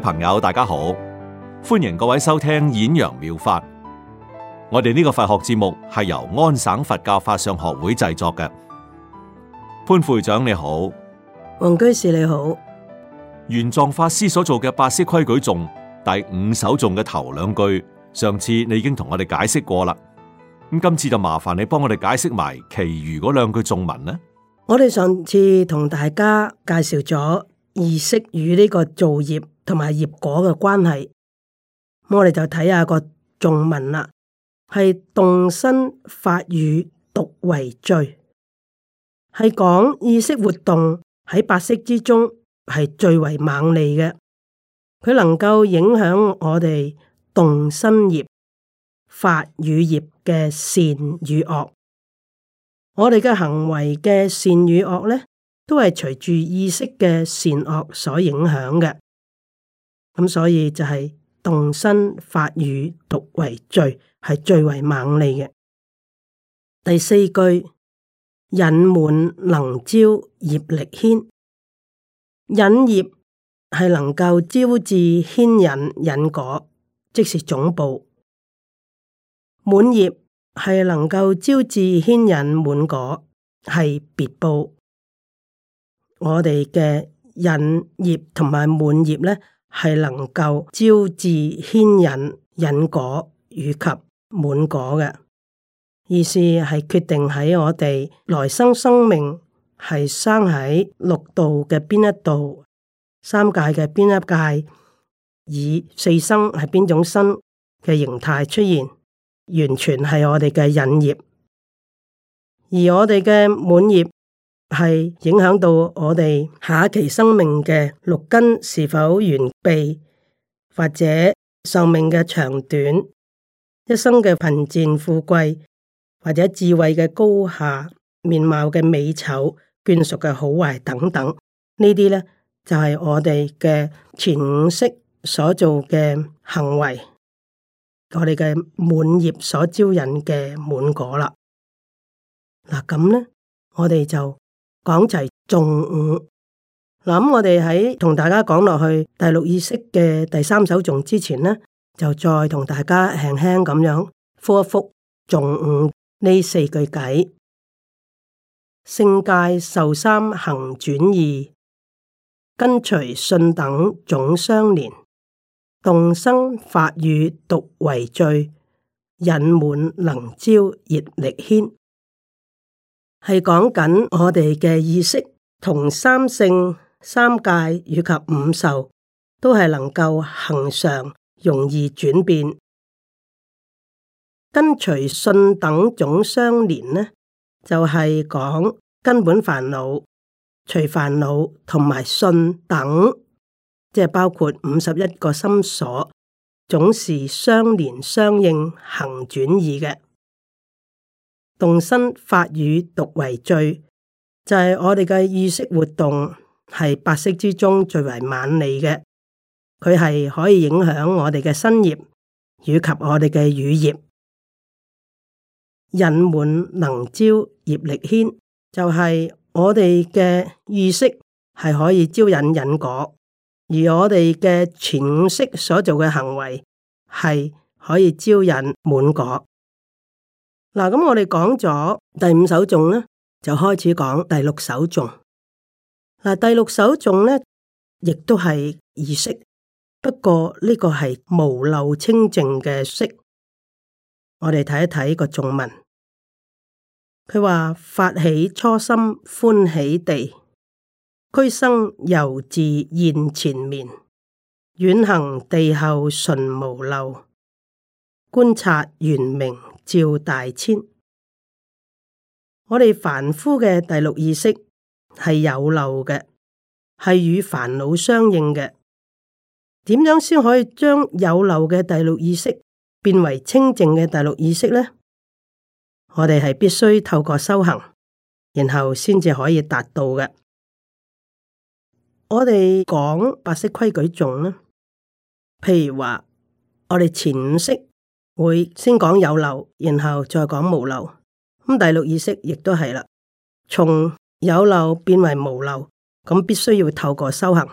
朋友，大家好，歡迎各位收聽《演揚妙，妙法》。我哋呢個佛學節目係由安省佛教法相學會製作嘅。潘會長你好，王居士你好。玄奘法師所做嘅《八識規矩頌》第五首頌嘅頭兩句，上次你已經同我哋解釋過啦。咁今次就麻煩你幫我哋解釋埋其餘嗰兩句頌文啦。我哋上次同大家介紹咗意識與呢個造業。同埋業果嘅關係，咁我哋就睇下個頌文啦，「係動身發語獨為最」，係講意識活動喺八識之中係最為猛烈嘅，佢能夠影響我哋動身業、發語業嘅善與惡，我哋嘅行為嘅善與惡咧，都係隨住意識嘅善惡所影響嘅。咁、嗯、所以就係動身發語，獨為最係最為猛利嘅。第四句，引滿能招業力牽，引業係能夠招致牽引引果，即是總報；滿業係能夠招致牽引滿果，係別報。我哋嘅引業同埋滿業咧。係能夠招致牽引、引果以及滿果嘅意思，係決定喺我哋來生生命係生喺六道嘅邊一度、三界嘅邊一界、以四生係邊種生嘅形態出現，完全係我哋嘅引業，而我哋嘅滿業。係影響到我哋下期生命嘅六根是否完備，或者壽命嘅長短，一生嘅貧賤富貴，或者智慧嘅高下，面貌嘅美醜，眷屬嘅好壞等等，呢啲咧就係、是、我哋嘅前五識所做嘅行為，我哋嘅滿業所招引嘅滿果啦。嗱咁咧，我哋就。講齊仲五嗱，咁我哋喺同大家講落去第六意識嘅第三首頌之前呢，就再同大家輕輕咁樣複一複仲五呢四句偈：性界受三恆轉易，根隨信等總相連，動身發語獨為最，引滿能招業力牽。係講緊我哋嘅意識同三性、三界以及五受都係能夠恒常、容易轉變。跟隨信等總相連呢，就係、是、講根本煩惱、隨煩惱同埋信等，即係包括五十一個心所，總是相連相應行轉移嘅。動身發語獨為最，就係、是、我哋嘅意識活動係八識之中最為猛利嘅，佢係可以影響我哋嘅身業以及我哋嘅語業。引滿能招業力牽，就係、是、我哋嘅意識係可以招引引果，而我哋嘅潛識所做嘅行為係可以招引滿果。嗱，咁我哋講咗第五首頌呢，就開始講第六首頌。嗱，第六首頌呢，亦都係意識，不過呢個係無漏清淨嘅識。我哋睇一睇個頌文，佢話發起初心歡喜地，俱生猶自現纏眠，遠行地後純無漏，觀察圓明，照大千。我哋凡夫嘅第六意識係有漏嘅，係與煩惱相應嘅。點樣先可以將有漏嘅第六意識變為清淨嘅第六意識呢？我哋係必須透過修行，然後先至可以達到嘅。我哋講八識規矩頌啦，譬如話我哋前五識。會先講有漏，然後再講無漏。咁第六意識亦都係啦，從有漏變為無漏，咁必須要透過修行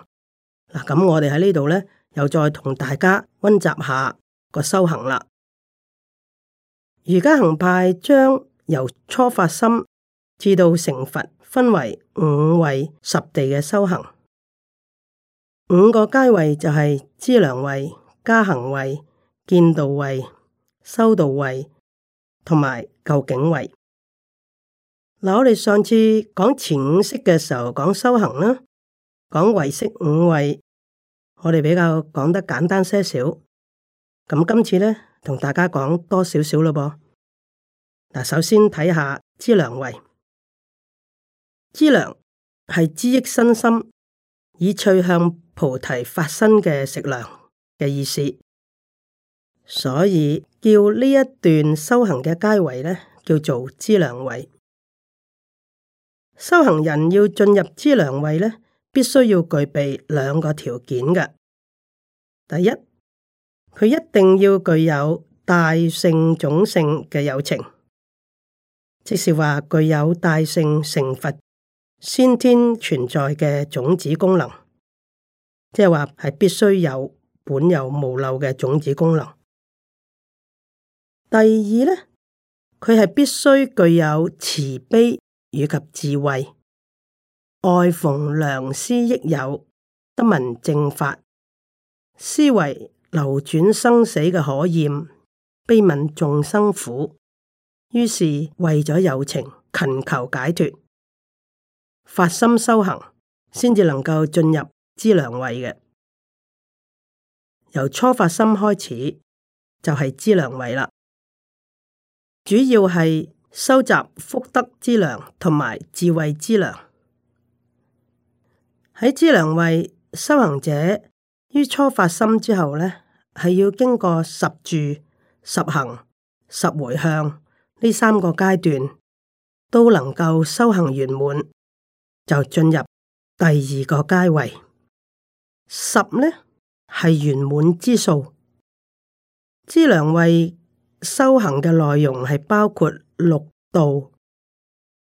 嗱。咁我哋喺呢度咧，又再同大家溫習下個修行啦。瑜伽行派將由初發心至到成佛，分為五位十地嘅修行。五個階位就係資糧位、加行位、見道位。修道位，同埋究竟位。嗱，我哋上次講前五識嘅時候，講修行啦，講唯識五位。我哋比較講得簡單些少。咁今次咧，同大家講多少少咯噃。嗱，首先睇下資糧位。資糧係資益身心，以趣向菩提發生嘅食糧嘅意思。所以叫呢一段修行嘅階位咧，叫做資糧位。修行人要進入資糧位咧，必須要具備兩個條件嘅。第一，佢一定要具有大乘種性嘅有情，即是話具有大乘成佛先天存在嘅種子功能，即係話係必須有本有無漏嘅種子功能。第二呢，佢係必須具有慈悲以及智慧，愛逢良師益友，得聞正法，思維流轉生死嘅可厭，悲憫眾生苦，於是為咗有情勤求解脱，發心修行，先至能夠進入資糧位嘅。由初發心開始，就係、是、資糧位啦。主要係收集福德之糧同埋智慧之糧。喺資糧位修行者於初發心之後呢係要經過十住、十行、十回向呢三個階段，都能夠修行圓滿，就進入第二個階位。十呢係圓滿之數，資糧位。修行嘅內容係包括六度，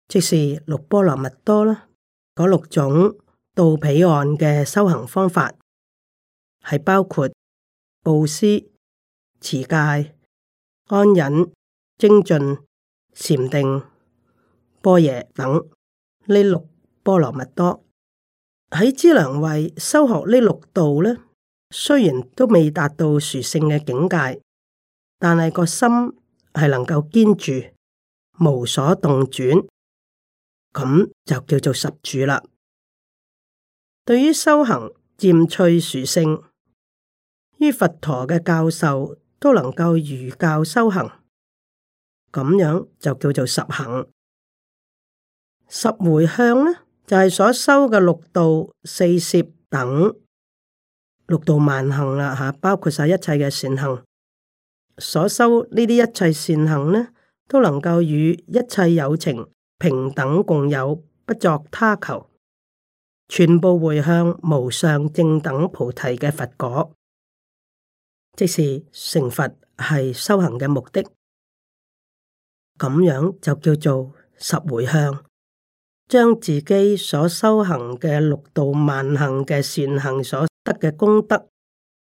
即是六波羅蜜多啦。嗰六種到彼岸嘅修行方法，係包括布施、持戒、安忍、精進、禪定、般若等呢六波羅蜜多。喺資糧位修學呢六度咧，雖然都未達到殊勝嘅境界。但係個心係能夠堅住，無所動轉，咁就叫做十住啦。對於修行漸趣殊勝，於佛陀嘅教授都能夠如教修行，咁樣就叫做十行。十回向咧，就係、是、所修嘅六道四攝等六道萬行啦，吓包括晒一切嘅善行。所修呢啲一切善行呢，都能夠與一切有情平等共有，不作他求，全部回向無上正等菩提嘅佛果，即是成佛係修行嘅目的。咁樣就叫做十回向，將自己所修行嘅六度萬行嘅善行所得嘅功德。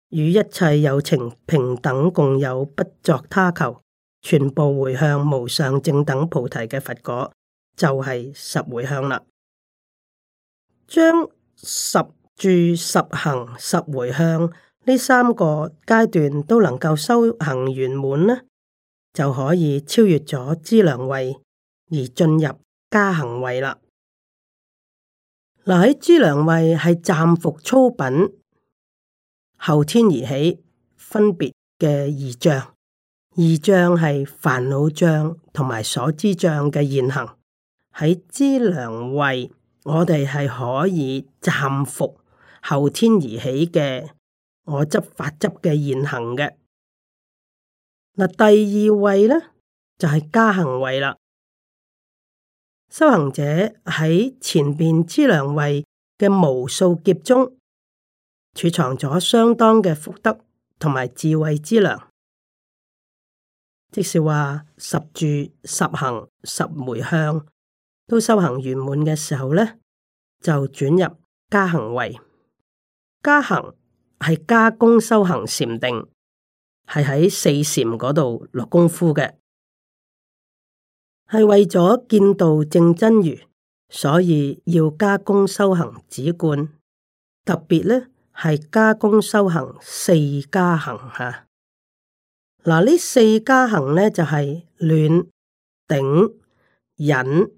與一切有情平等共有，不作他求，全部回向無上正等菩提嘅佛果，就係、是、十回向啦。將十住、十行、十回向呢三個階段都能夠修行圓滿呢，就可以超越咗資糧位而進入加行位啦。嗱，喺資糧位係暫伏粗品。後天而起分別嘅二障，二障係煩惱障同埋所知障嘅現行。喺資糧位，我哋係可以暫服後天而起嘅我執法執嘅現行嘅。嗱，第二位咧就係、是、加行位啦。修行者喺前邊資糧位嘅無數劫中。儲藏咗相當嘅福德同埋智慧之糧，即是話十住、十行、十迴向都修行圓滿嘅時候咧，就轉入加行位。加行係加工修行禪定，係喺四禪嗰度落功夫嘅，係為咗見到正真如，所以要加工修行止觀，特別咧。係加工修行四加行吓，嗱，呢四加行咧就係暖頂忍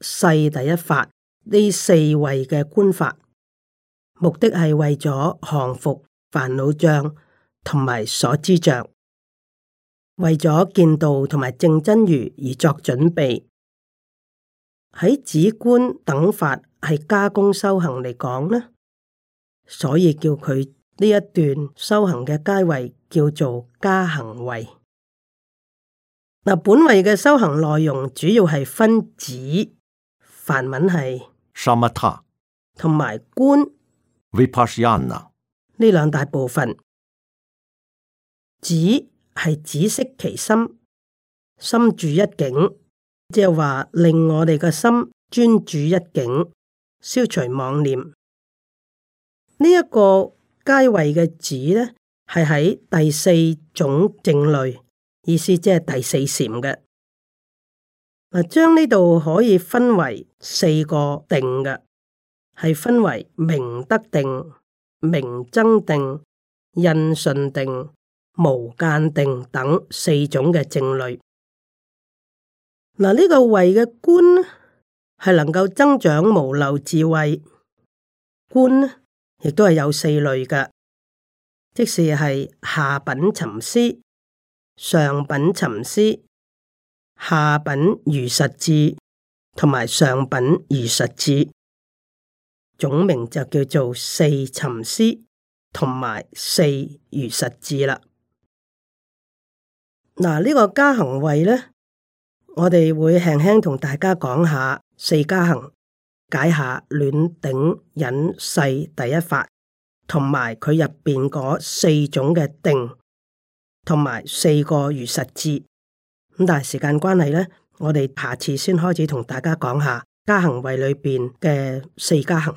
世第一法呢四位嘅觀法，目的係為咗降伏煩惱障同埋所知障，為咗見道同埋證真如而作準備。喺止觀等法係加工修行嚟講呢？所以叫佢呢一段修行嘅階位叫做加行位。嗱，本位嘅修行內容主要係分止、梵文係同埋觀，呢兩大部分。止係止息其心，心住一境，即係話令我哋嘅心專注一境，消除妄念。呢一個階位嘅子咧，係喺第四種正類，意思即係第四禪嘅嗱。將呢度可以分為四個定嘅，係分為明德定、明增定、印順定、無間定等四種嘅正類。嗱，呢個位嘅官係能夠增長無漏智慧官亦都係有四類嘅，即是係下品尋思、上品尋思、下品如實智同埋上品如實智，總名就叫做四尋思同埋四如實智啦。嗱，呢個加行位咧，我哋會輕輕同大家講下四加行。解下暖頂忍世第一法，同埋佢入邊嗰四種嘅定，同埋四個如實智。咁但係時間關係咧，我哋下次先開始同大家講下加行位裏邊嘅四加行。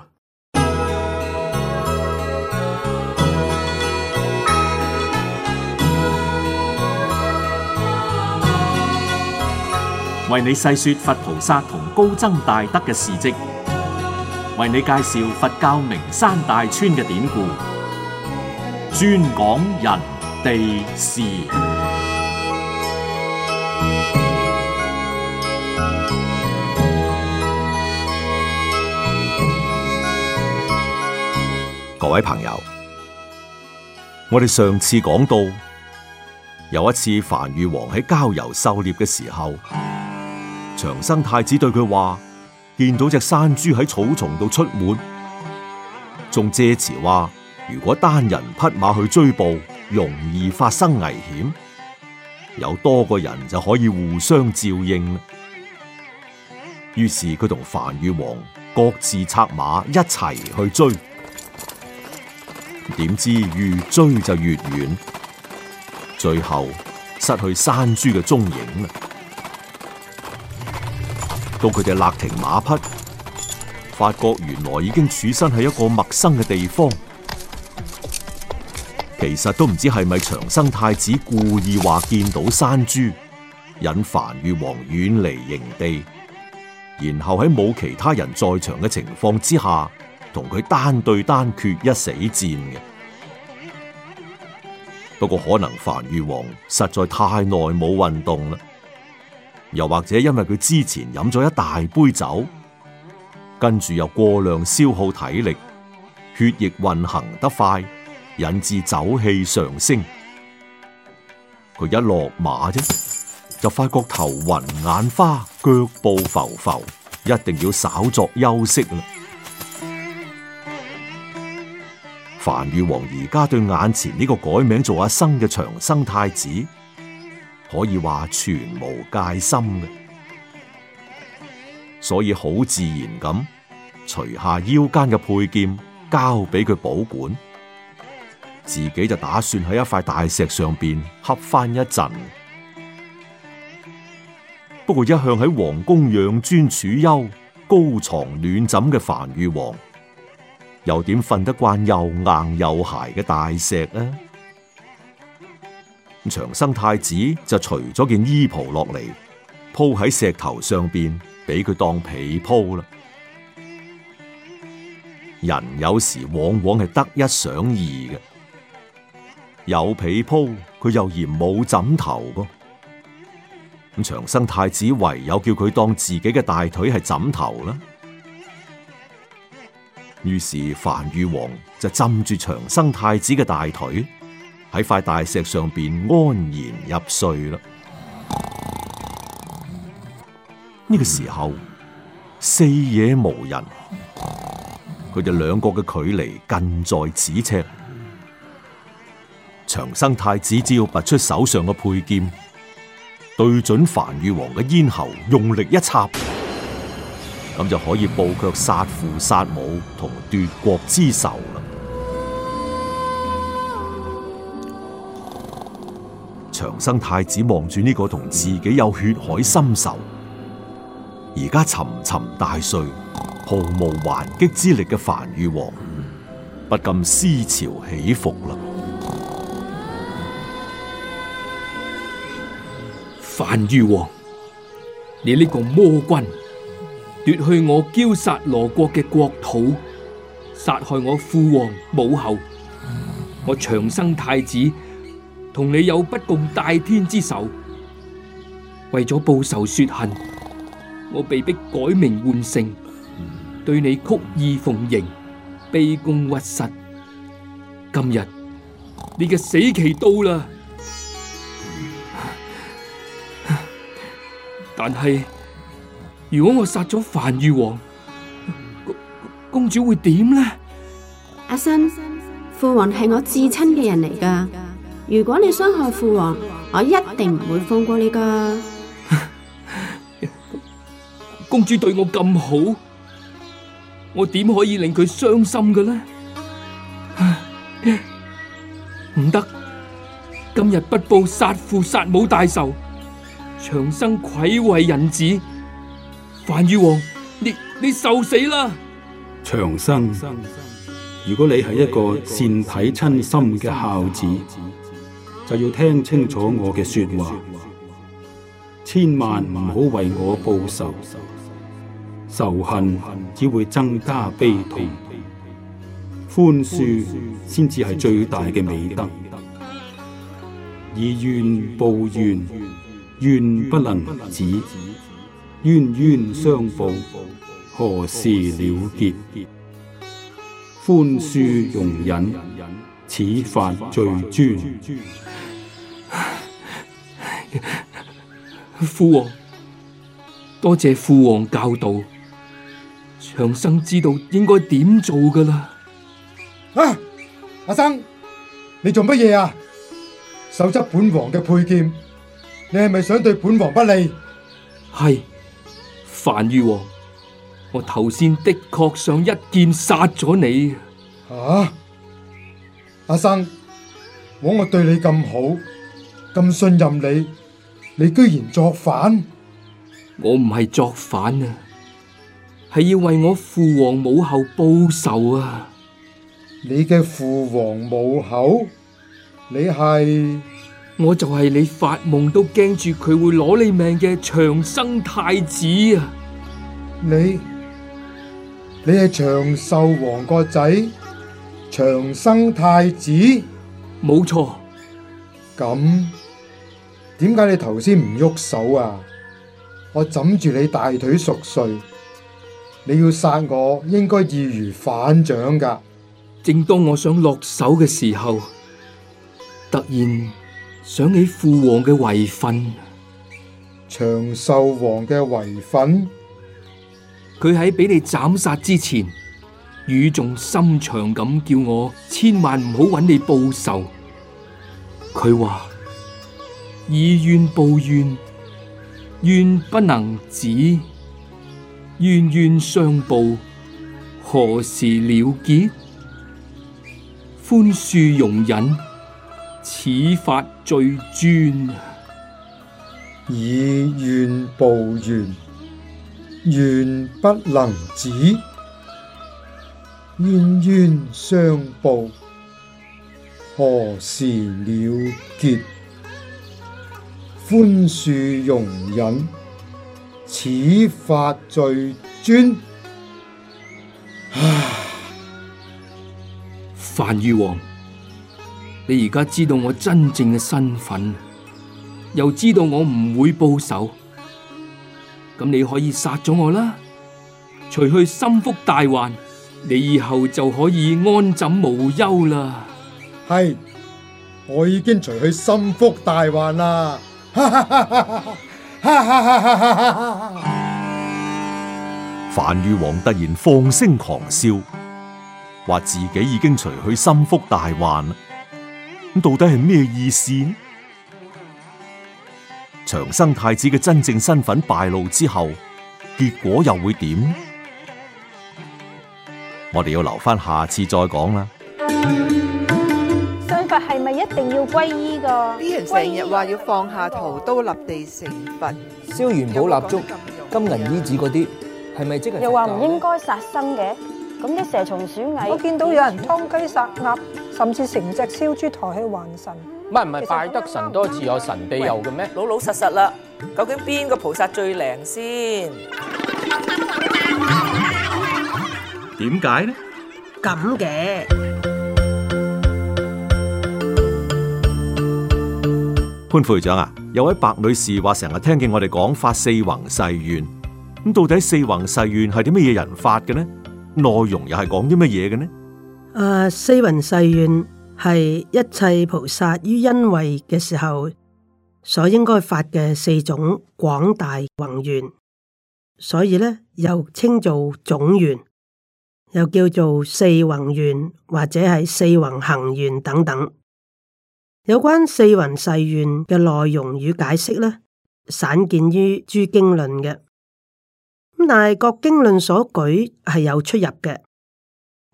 為你細說佛菩薩同高僧大德嘅事跡。為你介紹佛教名山大川嘅典故，專講人地事。各位朋友，我哋上次講到，有一次梵豫王喺郊遊狩獵嘅時候，長生太子對佢話。見到隻山豬喺草叢度出沒，仲借詞話：如果單人匹馬去追捕，容易發生危險，有多個人就可以互相照應。於是佢同梵豫王各自策馬一齊去追，點知越追就越遠，最後失去山豬嘅蹤影啦。到佢哋勒停馬匹，發覺原來已經處身喺一個陌生嘅地方。其實都唔知係咪長生太子故意話見到山豬，引梵豫王遠離營地，然後喺冇其他人在場嘅情況之下，同佢單對單決一死戰嘅。不過可能梵豫王實在太耐冇運動啦。又或者因為佢之前飲咗一大杯酒，跟住又過量消耗體力，血液運行得快，引致酒氣上升。佢一落馬啫，就發覺頭暈眼花，腳步浮浮，一定要稍作休息啦。梵豫王而家對眼前呢個改名做阿生嘅長生太子，可以話全無戒心嘅，所以好自然咁，除下腰間嘅佩劍，交俾佢保管，自己就打算喺一塊大石上邊恰翻一陣。不過一向喺皇宮養尊處優、高床暖枕嘅樊宇王，又點瞓得慣又硬又鞋嘅大石呢？長生太子就除咗件衣袍落嚟，鋪喺石頭上邊，俾佢當被鋪啦。人有時往往係得一想二嘅，有被鋪佢又嫌冇枕頭噃。咁長生太子唯有叫佢當自己嘅大腿係枕頭啦。於是范宇王就枕住長生太子嘅大腿。喺塊大石上邊安然入睡啦。呢個時候，四野無人，佢哋兩個嘅距離近在咫尺。長生太子只要拔出手上嘅佩劍，對準樊羽王嘅咽喉用力一插，咁就可以報卻殺父殺母同奪國之仇。長生太子望住呢個同自己有血海深仇，而家沉沉大睡，毫無還擊之力嘅范宇王，不禁思潮起伏啦。范玉王，你呢個魔君，奪去我嬌殺羅國嘅國土，殺害我父王母后，我長生太子，同你有不共戴天之仇，為咗報仇雪恨，我被迫改名換姓，對你曲意逢迎，卑躬屈膝。今日你嘅死期到啦！但係如果我殺咗梵豫王，公主會點呢？阿新，父王係我至親嘅人嚟噶。如果你傷害父王，我一定唔會放過你噶。 公主對我咁好，我點可以令佢傷心噶呢？唔 得，今日不報殺父殺母大仇，長生愧為人子。梵豫王，你你受死啦！長生，如果你係一個善體親心嘅孝子。就要聽清楚我嘅說話，千萬唔好為我報仇，仇恨只會增加悲痛，寬恕先至係最大嘅美德。以怨報怨，怨不能止，冤冤相報，何時了結？寬恕容忍，此法最尊。父王，多謝父王教導，長生知道應該點做噶啦。啊，阿生，你做乜嘢啊？手執本王嘅佩劍，你係咪想對本王不利？係，梵豫王，我頭先的確想一劍殺咗你。啊，阿生，枉我對你咁好，咁信任你。你居然作反！我唔係作反啊，係要為我父王母后報仇啊！你嘅父王母后，你係……我就係你發夢都驚住佢會攞你命嘅長生太子啊！你你係長壽王個仔，長生太子，冇錯。咁。點解你頭先唔喐手啊？我枕住你大腿熟睡，你要殺我應該易如反掌噶。正當我想落手嘅時候，突然想起父王嘅遺訓，長壽王嘅遺訓，佢喺俾你斬殺之前語重心長咁叫我千萬唔好揾你報仇。佢話。以怨報怨，怨不能止，冤冤相報，何時了結？寬恕容忍，此法最尊。以怨報怨，怨不能止，冤冤相報，何時了結？寬恕容忍，此法最尊。唉，梵豫王，你而家知道我真正嘅身份，又知道我唔會報仇，咁你可以殺咗我啦。除去心腹大患，你以後就可以安枕無憂啦。係，我已經除去心腹大患啦。哈哈哈！哈哈哈！哈哈哈！梵豫王突然放聲狂笑，話自己已經除去心腹大患，咁到底係咩意思？長生太子嘅真正身份敗露之後，結果又會點？我哋要留翻下，下次再講啦。係咪一定要皈依噶？呢啲人成日話要放下屠刀立地成佛，燒元寶蠟燭、金銀衣紙嗰啲，係咪即係？又話唔應該殺生嘅，咁啲蛇蟲鼠蟻，我見到有人劏雞殺鴨，甚至成隻燒豬抬去還神。唔係唔係，拜得神多自有神庇佑嘅咩？老老實實啦，究竟邊個菩薩最靈先？點解呢？咁嘅。潘會長啊，有位白女士話成日聽見我哋講發四弘誓願，咁到底四弘誓願係啲乜嘢人發嘅呢？內容又係講啲乜嘢嘅呢？啊、呃，四弘誓願係一切菩薩於因位嘅時候所應該發嘅四種廣大弘願，所以咧，又稱做總願，又叫做四弘願或者係四弘行願等等。有關四弘誓願嘅內容與解釋呢，散見於諸經論嘅。但係各經論所舉係有出入嘅。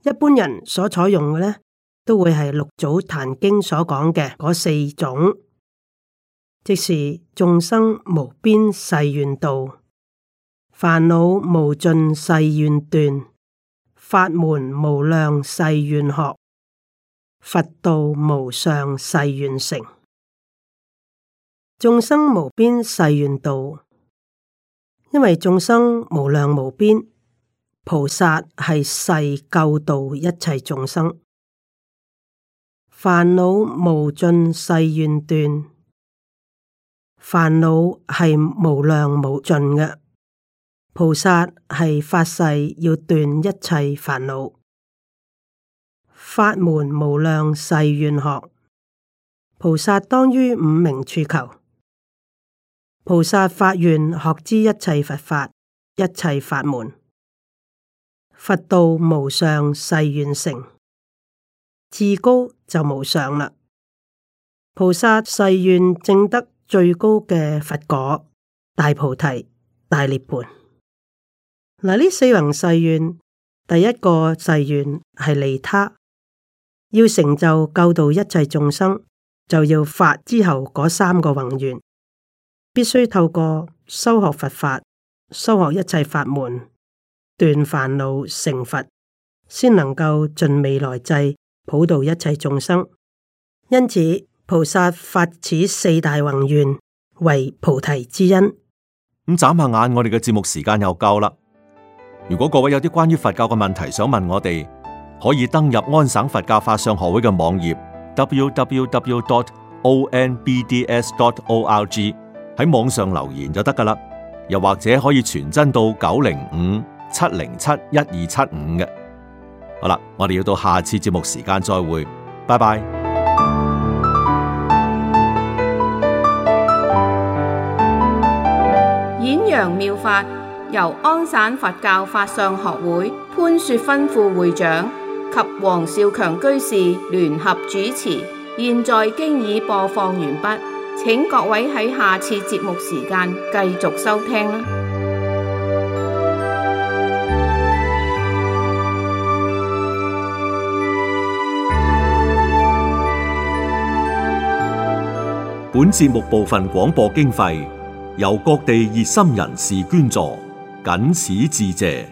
一般人所採用嘅呢，都會係六祖壇經所講嘅嗰四種，即是眾生無邊誓願度，煩惱無盡誓願斷，法門無量誓願學。佛道無上誓願成，眾生無邊誓願度。因為眾生無量無邊，菩薩係誓救度一切眾生。煩惱無盡誓願斷，煩惱係無量無盡嘅，菩薩係發誓要斷一切煩惱。法門無量誓願學，菩薩當於五明處求。菩薩發願學知一切佛法，一切法門，佛道無上誓願成。至高就無上啦。菩薩誓願證得最高嘅佛果，大菩提、大涅槃。嗱，呢四弘誓願，第一個誓願係利他。要成就救度一切眾生，就要發之後嗰三個宏願，必須透過修學佛法、修學一切法門、斷煩惱成佛，先能夠盡未來際普度一切眾生。因此，菩薩發此四大宏願為菩提之因，咁眨下眼，我哋嘅節目時間又夠啦。如果各位有啲關於佛教嘅問題想問我哋，可以登入安省佛教法相學會嘅網頁 www.onbds.org 喺網上留言就得噶啦，又或者可以傳真到九零五七零七一二七五嘅。好啦，我哋要到下次節目時間再會，拜拜。演揚妙法由安省佛教法相學會潘雪芬副會長。及王少強居士聯合主持，現在經已播放完畢，請各位喺下次節目時間繼續收聽啦。本節目部分廣播經費由各地熱心人士捐助，僅此致謝。